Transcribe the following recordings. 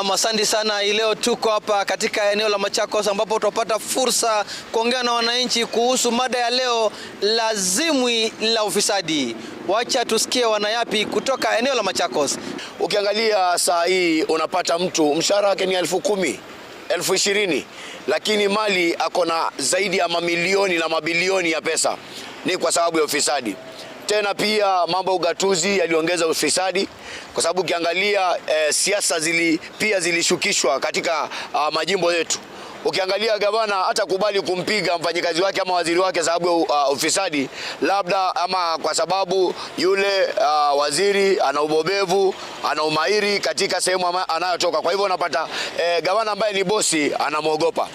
Naam, asante sana. Leo tuko hapa katika eneo la Machakos ambapo tutapata fursa kuongea na wananchi kuhusu mada ya leo, lazimwi la ufisadi. Wacha tusikie wanayapi kutoka eneo la Machakos. Ukiangalia saa hii unapata mtu mshahara wake ni elfu kumi elfu ishirini lakini mali ako na zaidi ya mamilioni na mabilioni ya pesa, ni kwa sababu ya ufisadi. Tena pia mambo ya ugatuzi yaliongeza ufisadi kwa sababu ukiangalia e, siasa zili, pia zilishukishwa katika a, ah, majimbo yetu. Ukiangalia gavana hata kubali kumpiga mfanyikazi wake ama waziri wake sababu ya uh, ufisadi labda, ama kwa sababu yule uh, waziri ana ubobevu, ana umahiri katika sehemu anayotoka. Kwa hivyo unapata eh, gavana ambaye ni bosi anamwogopa.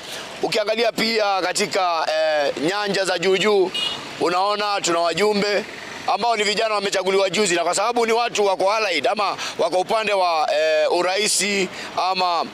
Ukiangalia pia katika eh, nyanja za juu juu, unaona tuna wajumbe ambao ni vijana wamechaguliwa juzi, na kwa sababu ni watu wako allied ama wako upande wa e, eh, uraisi ama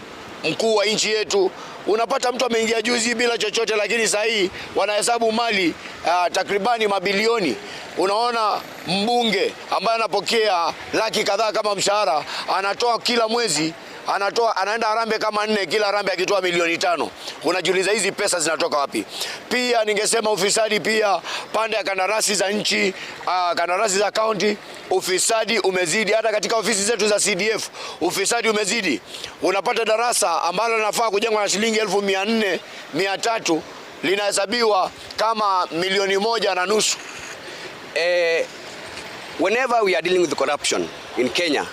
mkuu wa nchi yetu unapata mtu ameingia juzi bila chochote, lakini sasa hii wanahesabu mali uh, takribani mabilioni. Unaona, mbunge ambaye anapokea laki kadhaa kama mshahara anatoa kila mwezi anatoa anaenda harambee kama nne, kila harambee akitoa milioni tano. Unajiuliza hizi pesa zinatoka wapi? Pia ningesema ufisadi pia pande ya kandarasi za nchi, uh, kandarasi za kaunti, ufisadi umezidi. Hata katika ofisi zetu za CDF ufisadi umezidi. Unapata darasa ambalo linafaa kujengwa na shilingi elfu mia nne mia tatu linahesabiwa kama milioni moja na nusu. Eh, whenever we are dealing with corruption in Kenya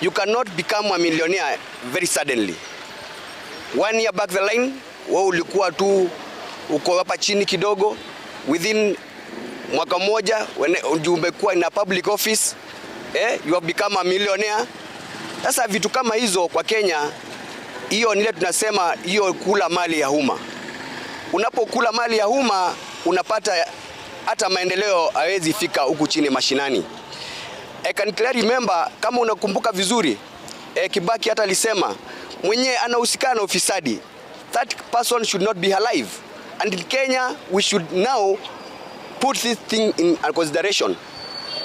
You cannot become a millionaire very suddenly. One year back the line, wewe ulikuwa tu uko hapa chini kidogo, within mwaka mmoja umekuwa in a public office eh, you have become a millionaire. Sasa vitu kama hizo kwa Kenya, hiyo nile tunasema hiyo kula mali ya umma. Unapokula mali ya umma unapata hata maendeleo hawezi fika huku chini mashinani. I can clearly remember, kama unakumbuka vizuri e, Kibaki hata alisema mwenye anahusika na ufisadi, that person should not be alive and in Kenya we should now put this thing in consideration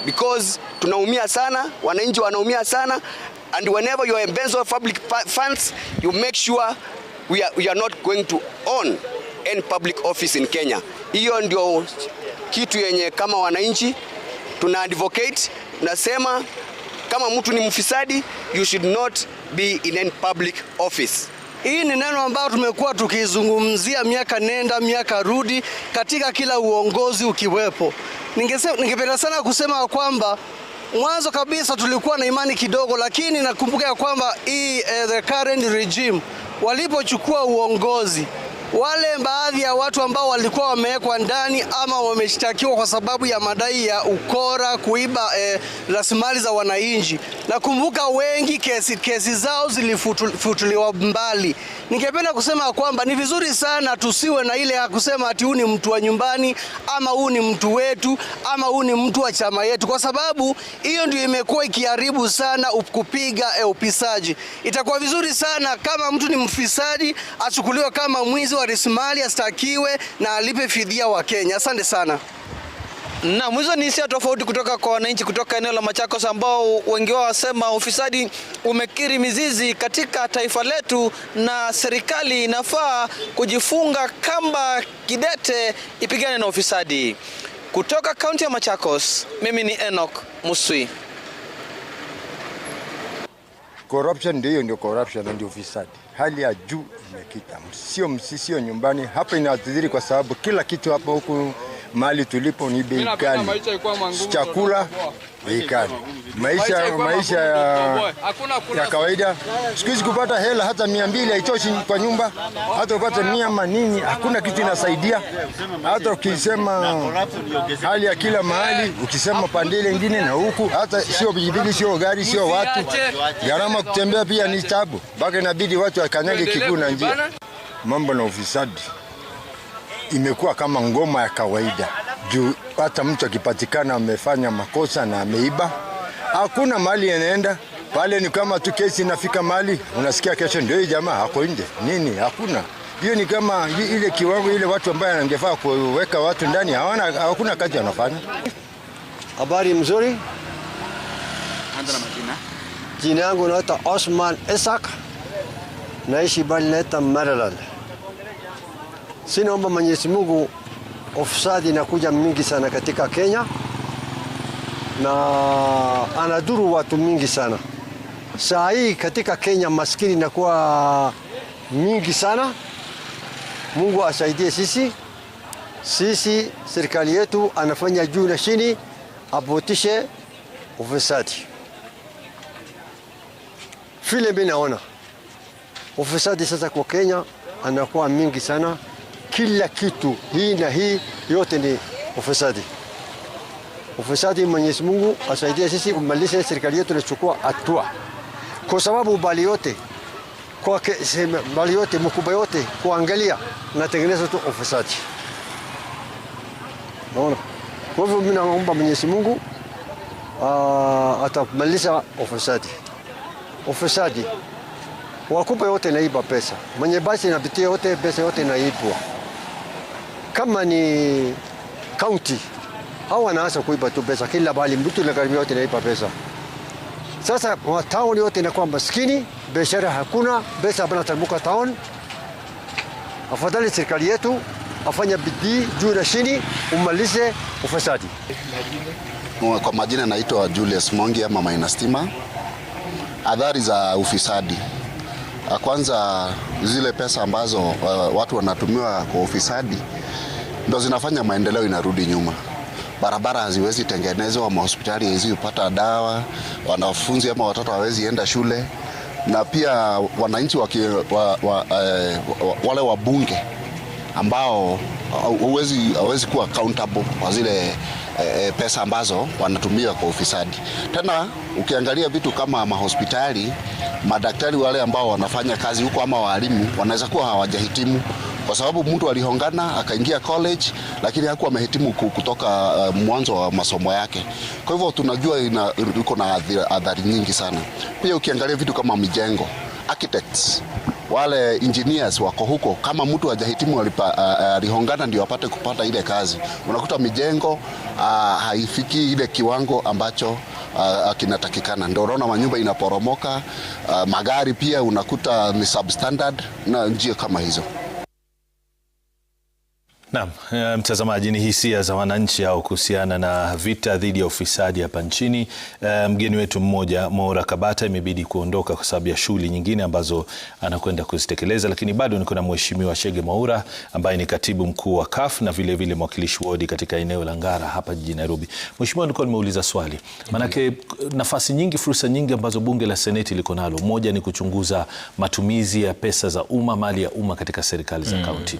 because tunaumia sana, wananchi wanaumia sana and whenever you are embezzle of public funds you make sure we are, we are not going to own any public office in Kenya. Hiyo ndio kitu yenye kama wananchi tuna advocate nasema kama mtu ni mfisadi, you should not be in any public office. Hii ni neno ambayo tumekuwa tukizungumzia miaka nenda miaka rudi katika kila uongozi ukiwepo. Ningependa sana kusema kwamba mwanzo kabisa tulikuwa na imani kidogo, lakini nakumbuka ya kwamba hii, uh, the current regime walipochukua uongozi wale baadhi ya watu ambao walikuwa wamewekwa ndani ama wameshtakiwa kwa sababu ya madai ya ukora, kuiba eh, rasilimali eh, za wananchi. Nakumbuka wengi kesi, kesi zao zilifutuliwa mbali. Ningependa kusema kwamba ni vizuri sana tusiwe na ile ya kusema ati huu ni mtu wa nyumbani ama huu ni mtu wetu ama huu ni mtu wa chama yetu, kwa sababu hiyo ndio imekuwa ikiharibu sana kupiga eh, upisaji. Itakuwa vizuri sana kama mtu ni mfisadi achukuliwe kama mwizi wa rasilimali astakiwe na alipe fidia wa Kenya. Asante sana. Na mwizo ni hisia tofauti kutoka kwa wananchi kutoka eneo la Machakos ambao wengi wao wasema ufisadi umekiri mizizi katika taifa letu na serikali inafaa kujifunga kamba kidete ipigane na ufisadi. Kutoka kaunti ya Machakos, mimi ni Enoch Muswi. Corruption ndio ndio corruption ndio ufisadi. Hali ya juu Sio, sio nyumbani hapa, inaathiri kwa sababu kila kitu hapa huku mali tulipo ni bei kali, chakula bei kali, maisha maisha ya kawaida. Siku hizi kupata hela hata mia mbili haitoshi kwa nyumba, hata upate mia manini, hakuna kitu inasaidia. Hata ukisema hali ya kila mahali, ukisema pande ile ingine na huku, hata sio pikipiki, sio gari, sio watu, gharama kutembea pia ni tabu, mpaka inabidi watu wakanyage kiguu na njia, mambo na ufisadi imekuwa kama ngoma ya kawaida, juu hata mtu akipatikana amefanya makosa na ameiba, hakuna mali yanaenda pale. Ni kama tu kesi inafika mali, unasikia kesho ndio hii jamaa ako nje nini, hakuna hiyo ni kama ile kiwango ile watu ambaye angefaa kuweka watu ndani hawana, hakuna kazi wanafanya. Habari mzuri, jina yangu naita Osman Isak, naishi bali naita Maryland si naomba Mwenyezi Mungu, ofisadi inakuja mingi sana katika Kenya na anadhuru watu mingi sana. Saa hii katika Kenya maskini inakuwa mingi sana. Mungu asaidie sisi. Sisi serikali yetu anafanya juu na chini, apotishe ufisadi. Vile mimi naona ufisadi sasa kwa Kenya anakuwa mingi sana kila kitu hii na hii yote ni ufisadi. Ufisadi, Mwenyezi Mungu asaidia sisi umalize Serikali yetu nachukua hatua, kwa sababu bali yote kwa bali yote mkubwa yote kuangalia natengeneza tu ufisadi. Naona kwa hivyo, mimi naomba Mwenyezi Mungu uh, atamaliza ufisadi. Ufisadi wakubwa yote naiba pesa, mwenye basi napitia yote pesa yote naibwa kama ni kaunti au wanaanza kuipa tu pesa kila bali, mtu na karibu yote naipa pesa. Sasa town yote inakuwa maskini, biashara hakuna, pesa banatarmuka town. Afadhali serikali yetu afanya bidii juu na chini, umalize ufisadi. Kwa majina naitwa Julius Mongi ama Maina Stima. Adhari za ufisadi, kwanza zile pesa ambazo uh, watu wanatumiwa kwa ufisadi ndo zinafanya maendeleo inarudi nyuma. Barabara haziwezi tengenezwa, mahospitali hawezi kupata dawa, wanafunzi ama watoto hawezi enda shule, na pia wananchi wa, wa, wa, eh, wale wabunge ambao hawezi kuwa accountable kwa zile e, pesa ambazo wanatumia kwa ufisadi. Tena ukiangalia vitu kama mahospitali, madaktari wale ambao wanafanya kazi huko ama waalimu wanaweza kuwa hawajahitimu kwa sababu mtu alihongana akaingia college, lakini hakuwa amehitimu kutoka uh, mwanzo wa masomo yake. Kwa hivyo tunajua iko na adhari nyingi sana. Pia ukiangalia vitu kama mijengo, architects wale engineers wako huko, kama mtu hajahitimu uh, uh, alihongana ndio apate kupata ile kazi, unakuta mijengo uh, haifiki ile kiwango ambacho kinatakikana, ndio unaona manyumba inaporomoka magari pia unakuta ni substandard na njia kama hizo. Naam, eh, mtazamaji, ni hisia za wananchi hao kuhusiana na vita dhidi ya ufisadi hapa nchini. E, mgeni wetu mmoja Mwaura Kabata imebidi kuondoka kwa sababu ya shughuli nyingine ambazo anakwenda kuzitekeleza, lakini bado niko na Mheshimiwa Shege Mwaura ambaye ni katibu mkuu wa CUF na vile vile mwakilishi wodi katika eneo la Ngara hapa jijini Nairobi. Mheshimiwa, niko nimeuliza swali maanake, nafasi nyingi, fursa nyingi ambazo bunge la seneti liko nalo, moja ni kuchunguza matumizi ya pesa za umma, mali ya umma katika serikali za mm. kaunti.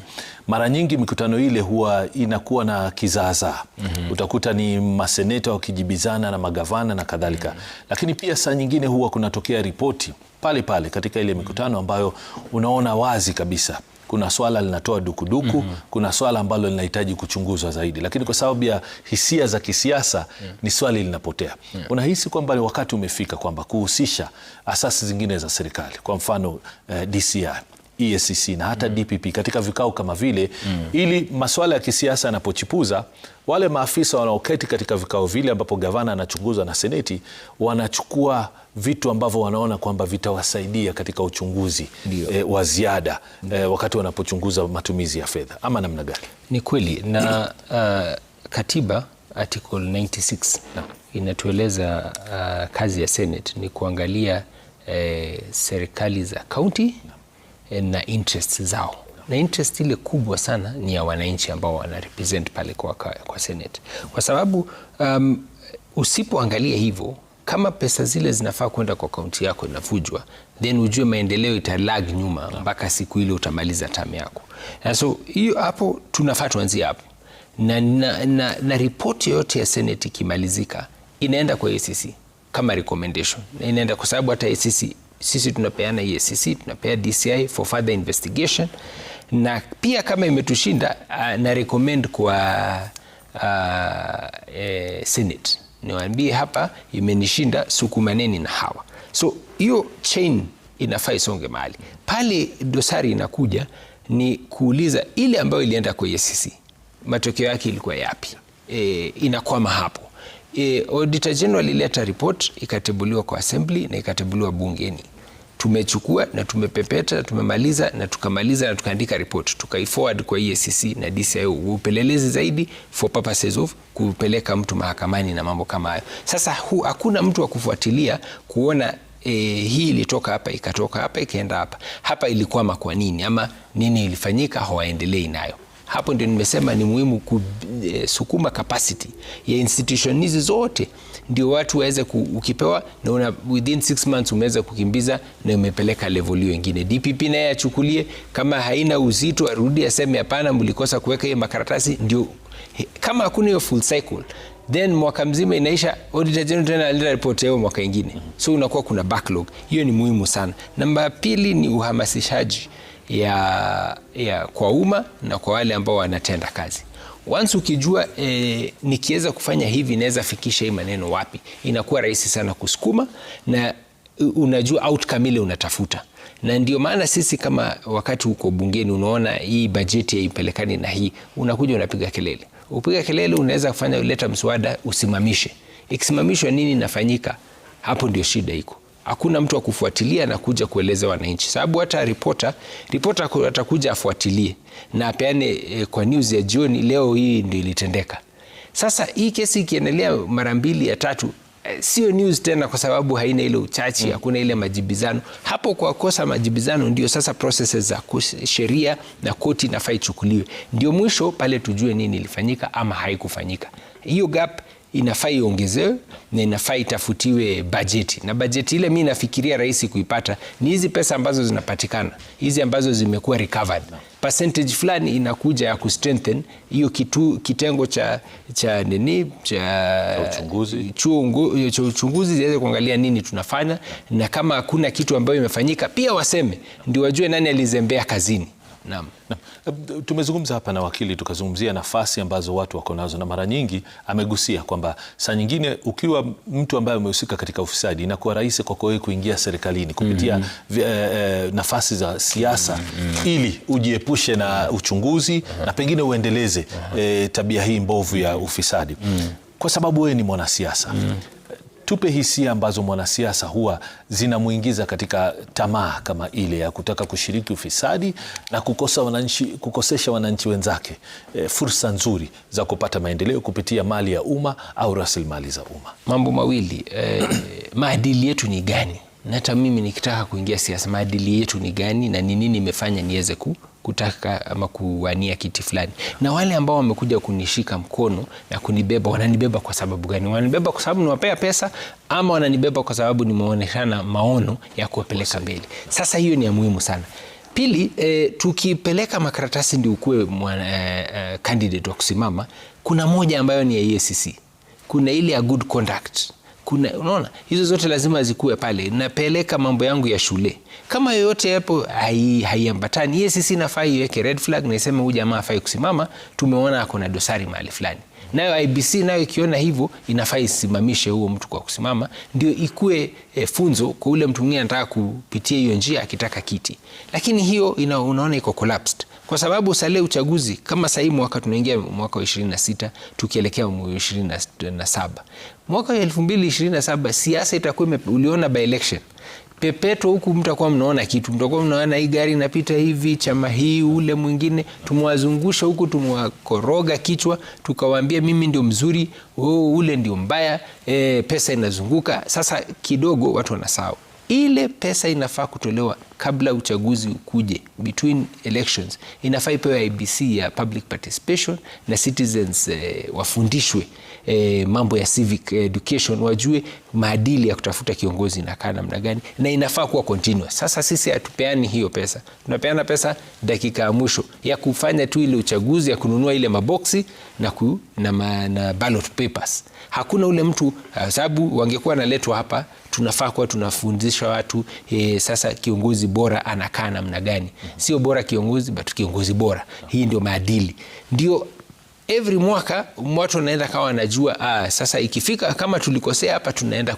Mara nyingi mikutano ile huwa inakuwa na kizaazaa mm -hmm. Utakuta ni maseneta wakijibizana na magavana na kadhalika mm -hmm. Lakini pia saa nyingine huwa kunatokea ripoti pale pale katika ile mikutano ambayo unaona wazi kabisa kuna swala linatoa dukuduku mm -hmm. Kuna swala ambalo linahitaji kuchunguzwa zaidi, lakini kwa sababu ya hisia za kisiasa yeah. Ni swali linapotea yeah. Unahisi kwamba wakati umefika kwamba kuhusisha asasi zingine za serikali kwa mfano eh, DCI EACC na hata mm. DPP katika vikao kama vile mm. ili masuala ya kisiasa yanapochipuza wale maafisa wanaoketi katika vikao vile ambapo gavana anachunguzwa na seneti wanachukua vitu ambavyo wanaona kwamba vitawasaidia katika uchunguzi e, wa ziada e, wakati wanapochunguza matumizi ya fedha ama namna gani? Ni kweli na uh, katiba article 96 na inatueleza uh, kazi ya Senate ni kuangalia eh, serikali za kaunti Eh, na interests zao na interest ile kubwa sana ni ya wananchi ambao wanarepresent pale kwa, kwa Senate kwa sababu um, usipoangalia hivyo kama pesa zile zinafaa kwenda kwa kaunti yako inavujwa, then ujue maendeleo italag nyuma mpaka siku ile utamaliza tamu yako. Na so hiyo hapo tunafaa tuanzie hapo, na, na, na, na ripoti yoyote ya Senate ikimalizika inaenda kwa ACC kama recommendation, inaenda kwa sababu hata ACC sisi tunapeana EACC, tunapea DCI for further investigation, na pia kama imetushinda uh, na recommend kwa uh, eh, Senate niwaambie hapa imenishinda, sukumaneni na hawa. So hiyo chain inafaa isonge mahali pale. Dosari inakuja ni kuuliza ile ambayo ilienda kwa EACC matokeo yake ilikuwa yapi? E, inakwama hapo. E, Auditor General ileta report ikatebuliwa kwa assembly na ikatebuliwa bungeni tumechukua na tumepepeta na tumemaliza na tukamaliza na tukaandika report tukaiforward kwa EACC na DCI upelelezi zaidi for purposes of kupeleka mtu mahakamani na mambo kama hayo. Sasa hu, hakuna mtu wa kufuatilia kuona e, hii ilitoka hapa ikatoka hapa ikaenda hapa hapa ilikwama kwa nini ama nini ilifanyika, hawaendelei nayo. Hapo ndio nimesema ni muhimu kusukuma eh, capacity ya institution hizi zote, ndio watu waweze ukipewa na una, within 6 months umeweza kukimbiza na umepeleka level hiyo nyingine. DPP naye achukulie kama haina uzito, arudi aseme hapana, mlikosa kuweka hiyo makaratasi. Ndio kama hakuna hiyo full cycle then mwaka mzima inaisha, auditor general tena analeta report yao mwaka ingine, so unakuwa kuna backlog. Hiyo ni muhimu sana. Namba pili ni uhamasishaji ya, ya kwa umma na kwa wale ambao wanatenda kazi. Once ukijua e, nikiweza kufanya hivi naweza fikisha hii maneno wapi, inakuwa rahisi sana kusukuma na unajua outcome ile unatafuta na ndio maana sisi kama wakati huko bungeni, unaona hii bajeti haipelekani na hii, unakuja unapiga kelele. Upiga kelele, unaweza kufanya uleta mswada usimamishe. Ikisimamishwa nini inafanyika? Hapo ndio shida iko hakuna mtu akufuatilia na kuja kueleza wananchi, sababu hata ripota ripota atakuja afuatilie na apeane eh, kwa news ya jioni, leo hii ndio ilitendeka. Sasa hii kesi ikiendelea mara mbili ya tatu eh, sio news tena, kwa sababu haina ile uchachi, mm. hakuna ile majibizano hapo. Kwa kosa majibizano, ndio sasa processes za sheria na koti inafaa ichukuliwe, ndio mwisho pale tujue nini ilifanyika ama haikufanyika. Hiyo gap inafaa iongezewe na inafaa itafutiwe bajeti, na bajeti ile mi nafikiria rahisi kuipata ni hizi pesa ambazo zinapatikana hizi ambazo zimekuwa recovered percentage fulani inakuja ya kustrengthen hiyo kitu, kitengo cha cha nini cha uchunguzi chungu, cha uchunguzi ziweze kuangalia nini tunafanya, na kama hakuna kitu ambayo imefanyika pia waseme, ndio wajue nani alizembea kazini. Naam. Na, Tumezungumza hapa na wakili tukazungumzia nafasi ambazo watu wako nazo, na mara nyingi amegusia kwamba saa nyingine ukiwa mtu ambaye umehusika katika ufisadi inakuwa rahisi kwako wewe kuingia serikalini kupitia mm -hmm. e, nafasi za siasa mm -hmm. ili ujiepushe na uchunguzi uh -huh. na pengine uendeleze uh -huh. e, tabia hii mbovu ya ufisadi mm -hmm. kwa sababu wewe ni mwanasiasa mm -hmm tupe hisia ambazo mwanasiasa huwa zinamuingiza katika tamaa kama ile ya kutaka kushiriki ufisadi na kukosa wananchi, kukosesha wananchi wenzake e, fursa nzuri za kupata maendeleo kupitia mali ya umma au rasilimali za umma. Mambo mawili e, maadili yetu ni gani? Na hata mimi nikitaka kuingia siasa, maadili yetu ni gani na ni nini imefanya niweze ku kutaka ama kuwania kiti fulani, na wale ambao wamekuja kunishika mkono na kunibeba, wananibeba kwa sababu gani? Wananibeba kwa sababu niwapea pesa, ama wananibeba kwa sababu nimeonekana maono ya kuwapeleka mbele? Sasa hiyo ni ya muhimu sana. Pili, e, tukipeleka makaratasi ndi ukuwe eh, eh, candidate e, e, wa kusimama, kuna moja ambayo ni ya EACC, kuna ile ya good conduct kuna unaona, hizo zote lazima zikuwe pale. Napeleka mambo yangu ya shule, kama yoyote yapo haiambatani, hai sisi nafaa iweke red flag na iseme huyu jamaa afai kusimama, tumeona ako na dosari mahali fulani. Nayo IBC nayo ikiona hivyo inafaa isimamishe huo mtu kwa kusimama, ndio ikuwe e, eh, funzo kwa ule mtu mwingine anataka kupitia hiyo njia akitaka kiti. Lakini hiyo ina, unaona iko collapsed kwa sababu sale uchaguzi kama sahii mwaka tunaingia mwaka wa ishirini na sita tukielekea ishirini na saba mwaka wa 2027 siasa itakuwa, uliona by election pepeto huku, mtakuwa mnaona kitu, mtakuwa mnaona hii gari inapita hivi, chama hii, ule mwingine, tumewazungusha huku, tumewakoroga kichwa, tukawaambia mimi ndio mzuri, oh, ule ndio mbaya, e, pesa inazunguka. Sasa kidogo watu wanasahau ile pesa inafaa kutolewa kabla uchaguzi ukuje, between elections, inafaa ipewe IBC ya public participation na citizens eh, wafundishwe eh, mambo ya civic education, wajue maadili ya kutafuta kiongozi inakaa namna gani, na inafaa kuwa continuous. Sasa sisi hatupeani hiyo pesa, tunapeana pesa dakika ya mwisho ya kufanya tu ile uchaguzi ya kununua ile maboksi na, ku, na, ma, na ballot papers. Hakuna ule mtu eh, sababu wangekuwa analetwa hapa tunafaa kuwa tunafundisha watu e, sasa kiongozi bora anakaa namna gani? Sio bora kiongozi but kiongozi bora. Hii ndio maadili, ndio every mwaka watu wanaenda kawa wanajua, ah, sasa ikifika kama tulikosea hapa, tunaenda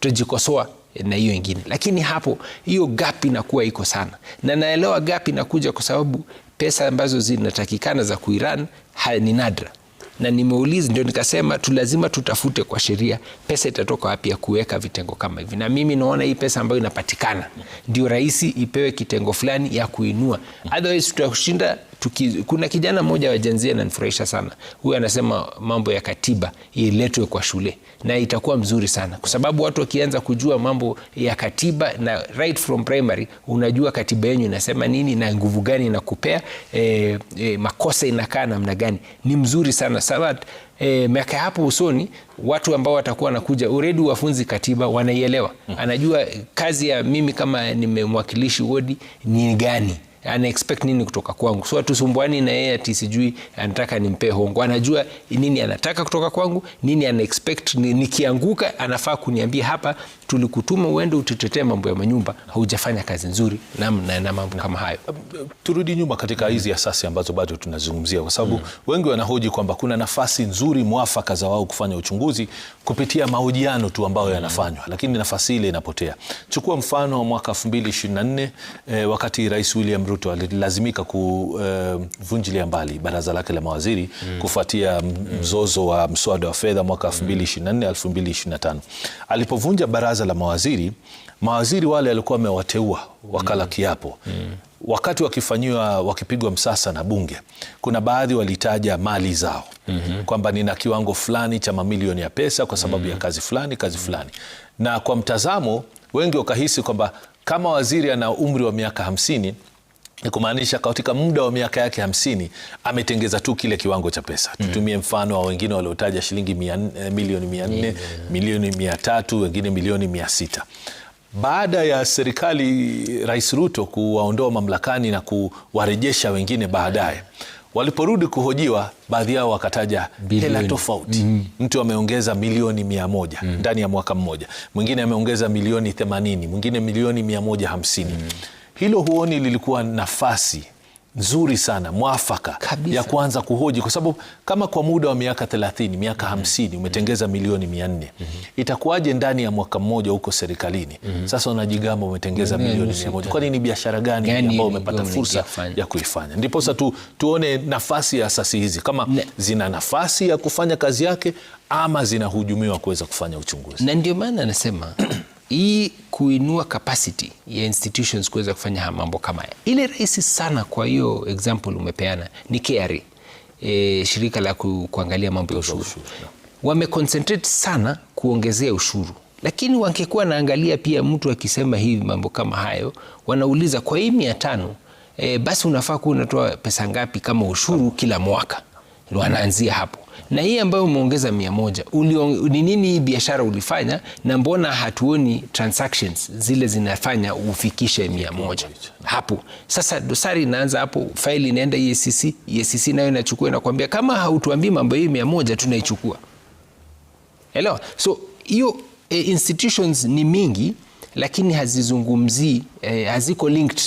tutajikosoa na hiyo ingine, lakini hapo hiyo gap inakuwa iko sana, na naelewa gap inakuja kwa sababu pesa ambazo zinatakikana za kuiran ni nadra na nimeuliza, ndio nikasema tu lazima tutafute kwa sheria pesa itatoka wapi ya kuweka vitengo kama hivi, na mimi naona hii pesa ambayo inapatikana ndio rahisi ipewe kitengo fulani ya kuinua, otherwise tutashinda tuki, kuna kijana mmoja wa jenzia ananifurahisha sana. Huyu anasema mambo ya katiba iletwe kwa shule na itakuwa mzuri sana, kwa sababu watu wakianza kujua mambo ya katiba na right from primary, unajua katiba yenyu inasema nini na nguvu gani inakupea e, e, makosa inakaa namna gani, ni mzuri sana sabat E, eh, miaka hapo usoni watu ambao watakuwa wanakuja uredi wafunzi katiba wanaielewa, hmm. anajua kazi ya mimi kama nimemwakilishi wodi ni gani anaexpect nini kutoka kwangu, so atusumbuani na yeye ati sijui anataka nimpee hongo. Anajua nini anataka kutoka kwangu, nini anaexpect nikianguka, anafaa kuniambia hapa tulikutuma uende ututetee mambo ya manyumba, haujafanya kazi nzuri na, na, na mambo kama hayo. Turudi nyuma katika hizi asasi ambazo bado tunazungumzia, kwa sababu mm. wengi wanahoji kwamba kuna nafasi nzuri mwafaka za wao kufanya uchunguzi kupitia mahojiano tu ambayo mm. yanafanywa lakini nafasi ile inapotea. Chukua mfano wa mwaka 2024 eh, wakati Rais William Ruto alilazimika kuvunjilia eh, mbali baraza lake la mawaziri mm. kufuatia mm. mzozo wa mswada wa fedha mwaka 2024 2025 mm. alipovunja baraza baraza la mawaziri, mawaziri wale alikuwa amewateua wakala mm. kiapo mm. wakati wakifanyiwa wakipigwa msasa na bunge, kuna baadhi walitaja mali zao mm -hmm. kwamba nina kiwango fulani cha mamilioni ya pesa kwa sababu mm. ya kazi fulani kazi fulani, na kwa mtazamo wengi wakahisi kwamba kama waziri ana umri wa miaka hamsini ni kumaanisha katika muda wa miaka yake hamsini ametengeza tu kile kiwango cha pesa mm. Tutumie mfano wa wengine waliotaja shilingi eh, milioni mia nne yeah. milioni mia tatu wengine milioni mia sita baada ya serikali Rais Ruto kuwaondoa mamlakani na kuwarejesha wengine baadaye waliporudi kuhojiwa baadhi yao wakataja hela tofauti. mm -hmm. Mtu ameongeza milioni mia moja mm. ndani mm -hmm. ya mwaka mmoja, mwingine ameongeza milioni themanini, mwingine milioni mia moja hamsini mm -hmm hilo huoni lilikuwa nafasi nzuri sana mwafaka kabisa, ya kuanza kuhoji kwa sababu kama kwa muda wa miaka thelathini miaka mhm. hamsini mm -hmm. umetengeza mhm. milioni 400 mm -hmm. itakuwaje ndani ya mwaka mmoja huko serikalini mm -hmm. Sasa unajigamba umetengeza mm -hmm. milioni mia moja kwani ni biashara gani ambayo umepata fursa ya kuifanya? Ndipo sasa tu, tuone nafasi ya asasi hizi kama ne. zina nafasi ya kufanya kazi yake ama zinahujumiwa kuweza kufanya uchunguzi, na ndio maana anasema hii kuinua capacity ya institutions kuweza kufanya mambo kama haya. Ile rahisi sana kwa hiyo example umepeana ni KRA, e, shirika la ku, kuangalia mambo ya ushuru, wameconcentrate sana kuongezea ushuru lakini wangekuwa naangalia pia, mtu akisema hivi mambo kama hayo, wanauliza kwa hii mia tano e, basi unafaa kuwa unatoa pesa ngapi kama ushuru kila mwaka? Wanaanzia hapo na hii ambayo umeongeza mia moja ni nini hii biashara ulifanya, na mbona hatuoni transactions zile zinafanya ufikishe mia moja hapo? Sasa dosari inaanza hapo, faili inaenda EACC, EACC nayo inachukua, inakwambia kama hautuambii mambo hii mia moja tunaichukua. Hello, so hiyo e, institutions ni mingi lakini hazizungumzii e, haziko linked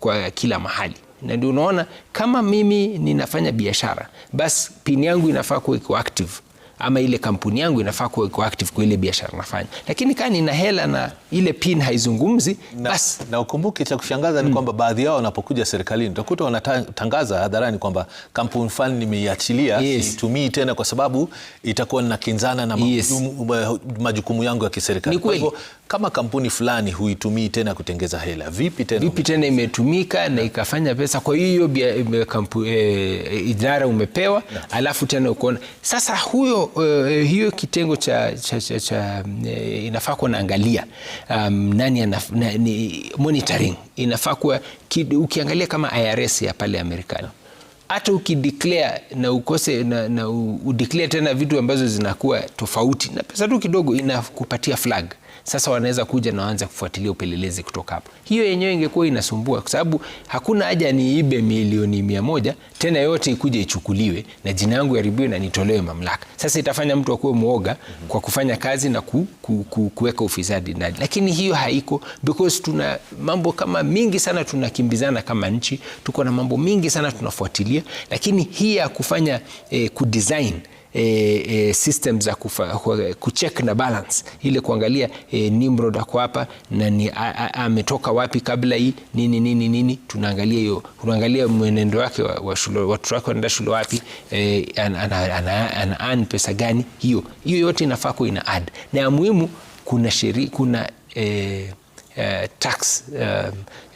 kwa kila mahali, na ndio unaona kama mimi ninafanya biashara basi pini yangu inafaa kuwa iko active ama ile kampuni yangu inafaa kuwa active kwa ile biashara nafanya, lakini kama nina hela na ile pin haizungumzi na, basi. Na ukumbuke cha kushangaza ni mm. kwamba baadhi yao wanapokuja serikalini utakuta wanatangaza hadharani kwamba kampuni fulani nimeiachilia, yes, situmii tena kwa sababu itakuwa nakinzana na yes, majukumu yangu ya kiserikali. Kwa hivyo kama kampuni fulani huitumii tena kutengeza hela, vipi tena vipi tena imetumika na ikafanya pesa? Kwa hiyo eh, eh, idara umepewa, alafu tena ukoona sasa huyo uh, hiyo kitengo cha, cha, cha, cha eh, inafaa kuwa naangalia um, nani anaf, na, ni monitoring inafaa kuwa ukiangalia kama IRS ya pale Amerikani hata ukideclare na ukose na, na udeclare tena vitu ambazo zinakuwa tofauti na pesa tu kidogo inakupatia flag sasa wanaweza kuja na waanze kufuatilia upelelezi kutoka hapo. Hiyo yenyewe ingekuwa inasumbua, kwa sababu hakuna haja niibe milioni mia moja tena yote ikuje ichukuliwe na jina yangu yaribiwe na nitolewe mamlaka. Sasa itafanya mtu akuwe mwoga kwa kufanya kazi na ku, ku, ku, kuweka ufisadi ndani, lakini hiyo haiko because tuna mambo kama mingi sana tunakimbizana kama nchi, tuko na mambo mingi sana tunafuatilia, lakini hii ya kufanya eh, kudesign e, eh, e, eh, system za kucheck na balance ile kuangalia e, Nimrod ako hapa na ni, ametoka wapi kabla hii nini nini nini, tunaangalia hiyo, tunaangalia mwenendo wake wa, wa shule, watoto wake wanaenda shule wapi e, ana, ana, ana, ana, ana, pesa gani hiyo hiyo, yote inafaa kuwa ina add na ya muhimu, kuna sheria kuna e, Eh, tax eh,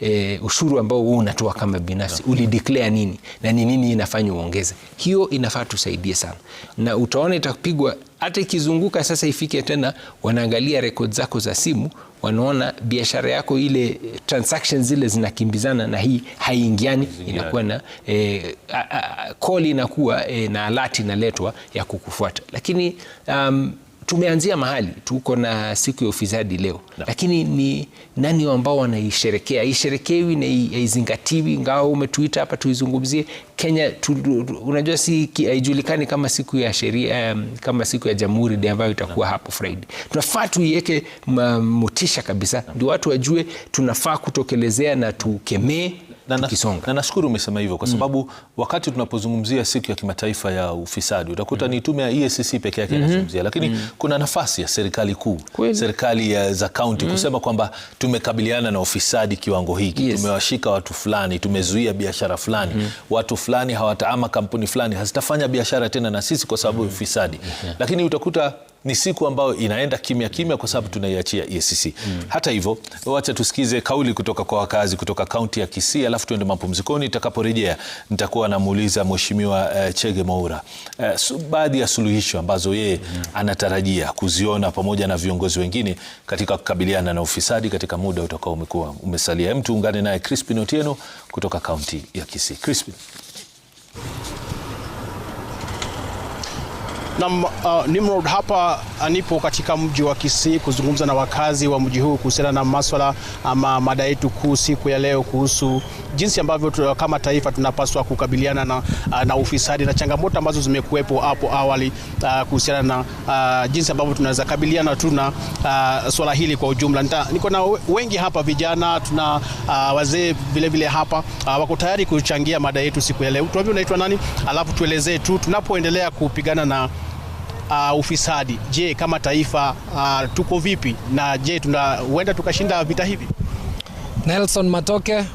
eh, ushuru ambao wewe unatoa kama binafsi no. Mm-hmm. Ulideclare nini na ni nini inafanya uongeze? Hiyo inafaa tusaidie sana, na utaona itapigwa hata ikizunguka sasa, ifike tena, wanaangalia records zako za simu, wanaona biashara yako ile transactions zile zinakimbizana na hii haiingiani, inakuwa na eh, a, call inakuwa e, na alert inaletwa ya kukufuata, lakini um, tumeanzia mahali tuko na siku ya ufisadi leo no. Lakini ni nani ambao wanaisherekea? Haisherekewi na haizingatiwi, ngao umetuita hapa tuizungumzie Kenya tu, unajua si haijulikani kama siku ya sheria um, kama siku ya jamhuri ndio ambayo itakuwa no. hapo Friday. Tunafaa tuiweke motisha kabisa ndio no. watu wajue tunafaa kutokelezea na tukemee na, tukisonga. Na nashukuru umesema hivyo kwa mm. sababu mm. wakati tunapozungumzia siku ya kimataifa ya ufisadi utakuta mm. ni tume ya EACC peke yake mhm. inazungumzia, lakini mm. kuna nafasi ya serikali kuu, serikali za kaunti mm. kusema kwamba tumekabiliana na ufisadi kiwango hiki yes. tumewashika watu fulani, tumezuia biashara fulani mm. watu fulani hawataama, kampuni fulani hazitafanya biashara tena na sisi kwa sababu ya mm. ufisadi yeah. lakini utakuta ni siku ambayo inaenda kimya kimya kwa sababu tunaiachia EACC. Mm. Hata hivyo, wacha tusikize kauli kutoka kwa wakazi kutoka kaunti ya Kisii, alafu tuende mapumzikoni. Itakaporejea nitakuwa namuuliza Mheshimiwa uh, Chege Moura uh, eh, baadhi ya suluhisho ambazo yeye mm. anatarajia kuziona pamoja na viongozi wengine katika kukabiliana na ufisadi katika muda utakao umekuwa umesalia. Hem, tuungane naye Crispin Otieno kutoka kaunti ya Kisii. Crispin. Na uh, Nimrod hapa uh, nipo katika mji wa Kisii kuzungumza na wakazi wa mji huu kuhusiana na maswala ama mada yetu kuu siku ya leo kuhusu jinsi ambavyo uh, kama taifa tunapaswa kukabiliana na, uh, na ufisadi na changamoto ambazo zimekuwepo hapo awali uh, kuhusiana na uh, jinsi ambavyo tunaweza kabiliana tu na uh, swala hili kwa ujumla. Niko na wengi hapa vijana, tuna uh, wazee vile vile hapa uh, wako tayari kuchangia mada yetu siku ya leo. Tuambie unaitwa nani, alafu tuelezee tu tunapoendelea kupigana na uh, ufisadi. Je, kama taifa uh, tuko vipi na je tunaenda tukashinda vita hivi? Nelson Matoke,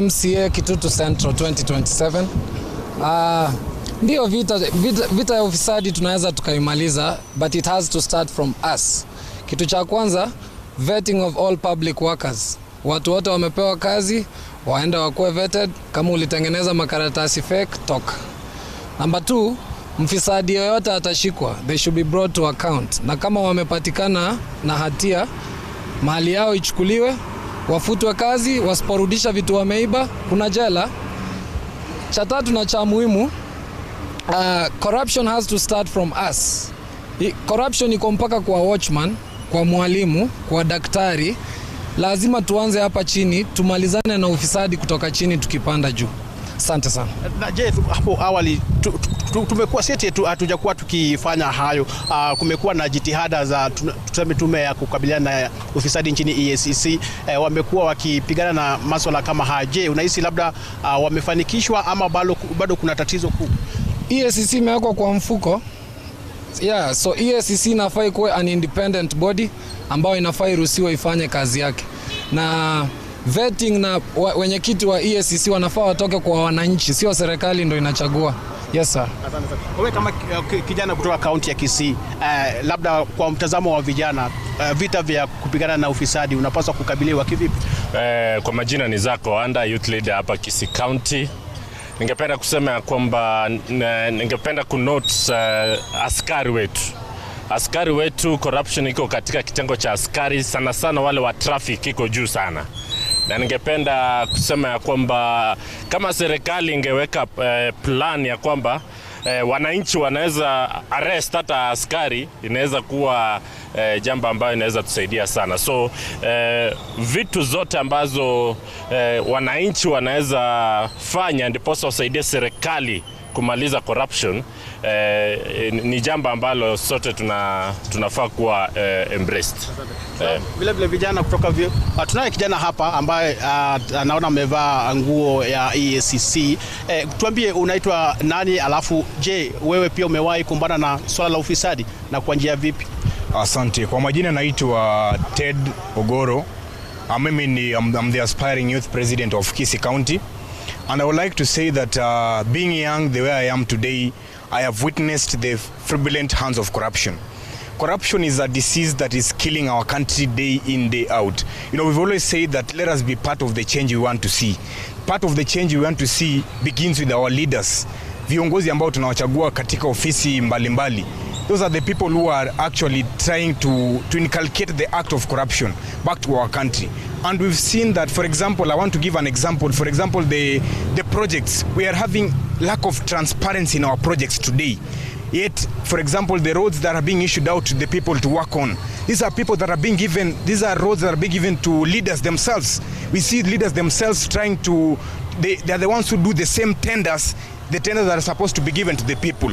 MCA Kitutu Central 2027. Uh, ndio vita, vita, vita ya ufisadi tunaweza tukaimaliza, but it has to start from us. Kitu cha kwanza vetting of all public workers. Watu wote wamepewa kazi waenda wakuwe vetted. Kama ulitengeneza makaratasi fake, toka. Namba Mfisadi yoyote atashikwa, they should be brought to account, na kama wamepatikana na hatia, mali yao ichukuliwe, wafutwe kazi, wasiporudisha vitu wameiba, kuna jela. Cha tatu na cha muhimu, uh, corruption has to start from us. Corruption iko mpaka kwa watchman, kwa mwalimu, kwa daktari. Lazima tuanze hapa chini, tumalizane na ufisadi kutoka chini tukipanda juu. Asante sana. Na je, hapo awali tu, tu, tumekuwa sisi hatujakuwa tukifanya hayo. Uh, kumekuwa na jitihada za tuseme tume ya kukabiliana na ufisadi nchini EACC, Uh, eh, wamekuwa wakipigana na masuala kama haya. Je, unahisi labda uh, wamefanikishwa ama bado, bado kuna tatizo kuu? EACC imewekwa kwa mfuko yeah, so EACC inafai kuwa an independent body ambayo inafaa iruhusiwa ifanye kazi yake na vetting na wenyekiti wa EACC wanafaa watoke kwa wananchi, sio serikali ndo inachagua. Yes sir. Asante sana. Wewe kama eh, kijana kutoka kaunti ya Kisii, uh, labda kwa mtazamo wa vijana uh, vita vya kupigana na ufisadi unapaswa kukabiliwa kivipi? Eh, kwa majina ni Zako Anda, youth leader hapa Kisii County. Ningependa kusema ya kwamba ningependa kunote uh, askari wetu askari wetu, corruption iko katika kitengo cha askari sana sana, wale wa traffic iko juu sana na ningependa kusema ya kwamba kama serikali ingeweka eh, plan ya kwamba eh, wananchi wanaweza arrest hata askari, inaweza kuwa eh, jambo ambayo inaweza tusaidia sana. So eh, vitu zote ambazo eh, wananchi wanaweza fanya ndiposa wasaidie serikali kumaliza corruption Eh, eh, ni jambo ambalo sote tuna, tunafaa kuwa eh, embraced. Eh. Vile vile vijana kutoka vio, ah, tunaye kijana hapa ambaye uh, ah, anaona amevaa nguo ya EACC. Eh, tuambie unaitwa nani, alafu je, wewe pia umewahi kumbana na swala la ufisadi na kwa njia vipi? Asante. Kwa majina naitwa Ted Ogoro. Ah, mimi ni I'm, I'm the aspiring youth president of Kisii County and I would like to say that uh, being young the way I am today I have witnessed the fribulent hands of corruption. Corruption is a disease that is killing our country day in, day out. You know, we've always said that let us be part of the change we want to see. Part of the change we want to see begins with our leaders, viongozi ambao tunawachagua katika ofisi mbalimbali mbali. those are the people who are actually trying to, to inculcate the act of corruption back to our country. And we've seen that, for example, I want to give an example. For example, the, the projects, we are having lack of transparency in our projects today. Yet, for example, the roads that are being issued out to the people to work on, these are people that are being given, these are roads that are being given to leaders themselves. We see leaders themselves trying to, they, they are the ones who do the same tenders the tenders that are supposed to be given to the people.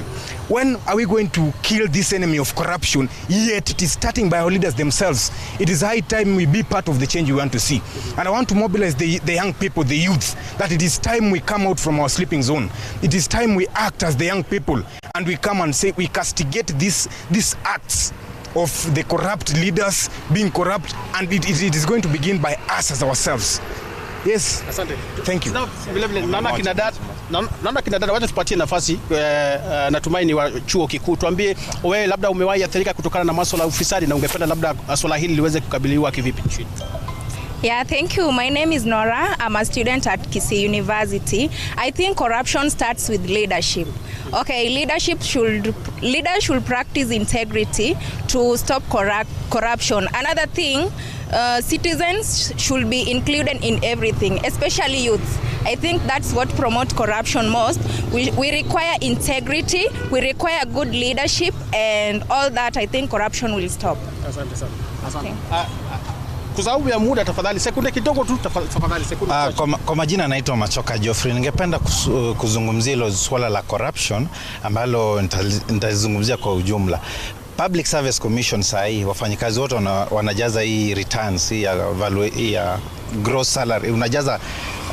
When are we going to kill this enemy of corruption? Yet it is starting by our leaders themselves. It is high time we be part of the change we want to see. And I want to mobilize the, the young people, the youth, that it is time we come out from our sleeping zone. It is time we act as the young people and we come and say we castigate this, these acts of the corrupt leaders being corrupt and it, it is going to begin by us as ourselves. Yes. Asante. Thank you. Vile vile naona kina dada naona kina dada wacha tupatie nafasi eh, eh, natumai ni wa chuo kikuu tuambie, wewe labda umewahi athirika kutokana na masuala ya ufisadi na ungependa labda swala hili liweze kukabiliwa kivipi nchini? Yeah, thank you. My name is Nora. I'm a student at Kisi University. I think corruption starts with leadership. Okay, leadership should leaders should practice integrity to stop corrupt, corruption. Another thing uh, citizens should be included in everything, especially youth I think that's what promotes corruption most. We, we require integrity, we require good leadership, and all that. I think corruption will stop. Ah, ah, kwa sababu ya muda, tafadhali sekunde kidogo tu, tafadhali sekunde. Ah, kwa, majina naitwa Machoka joffrey Ningependa kuzungumzia hilo swala la corruption ambalo nitalizungumzia kwa ujumla. Public Service Commission saa hii wafanyikazi wote wanajaza hii returns hii ya, value, hii ya gross salary unajaza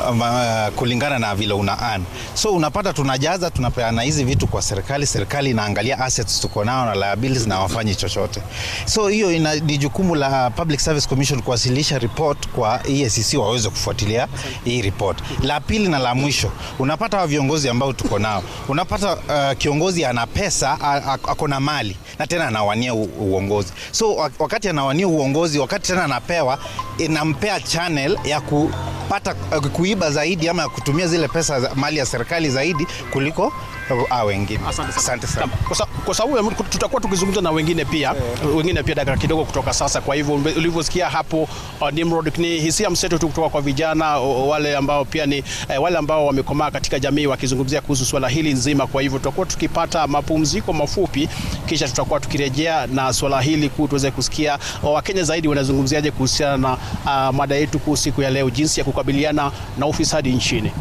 uh, kulingana na vile una earn. So unapata tunajaza, tunapeana hizi vitu kwa serikali, serikali inaangalia assets tuko nao na liabilities na wafanyi chochote. So hiyo ina, ni jukumu la Public Service Commission kuwasilisha report kwa EACC waweze kufuatilia hii report. La pili na la mwisho, unapata wa viongozi ambao tuko nao, unapata uh, kiongozi ana pesa, ako na mali na tena anawania uongozi. So wakati anawania uongozi, wakati tena anapewa, inampea channel ya ku kupata eh, kuiba zaidi ama kutumia zile pesa mali ya serikali zaidi kuliko a ah, wengine. Asante sana. Kwa sababu tutakuwa tukizungumza na wengine pia yeah. wengine pia dakika kidogo kutoka sasa. Kwa hivyo ulivyosikia hapo uh, Nimrod, ni hisia mseto tu kutoka kwa vijana wale ambao pia ni eh, wale ambao wamekomaa katika jamii wakizungumzia kuhusu swala hili nzima. Kwa hivyo tutakuwa tukipata mapumziko mafupi, kisha tutakuwa tukirejea na swala hili kuu tuweze kusikia uh, Wakenya zaidi wanazungumziaje kuhusiana na uh, mada yetu kuu siku ya leo, jinsi ya kukabiliana na ufisadi nchini.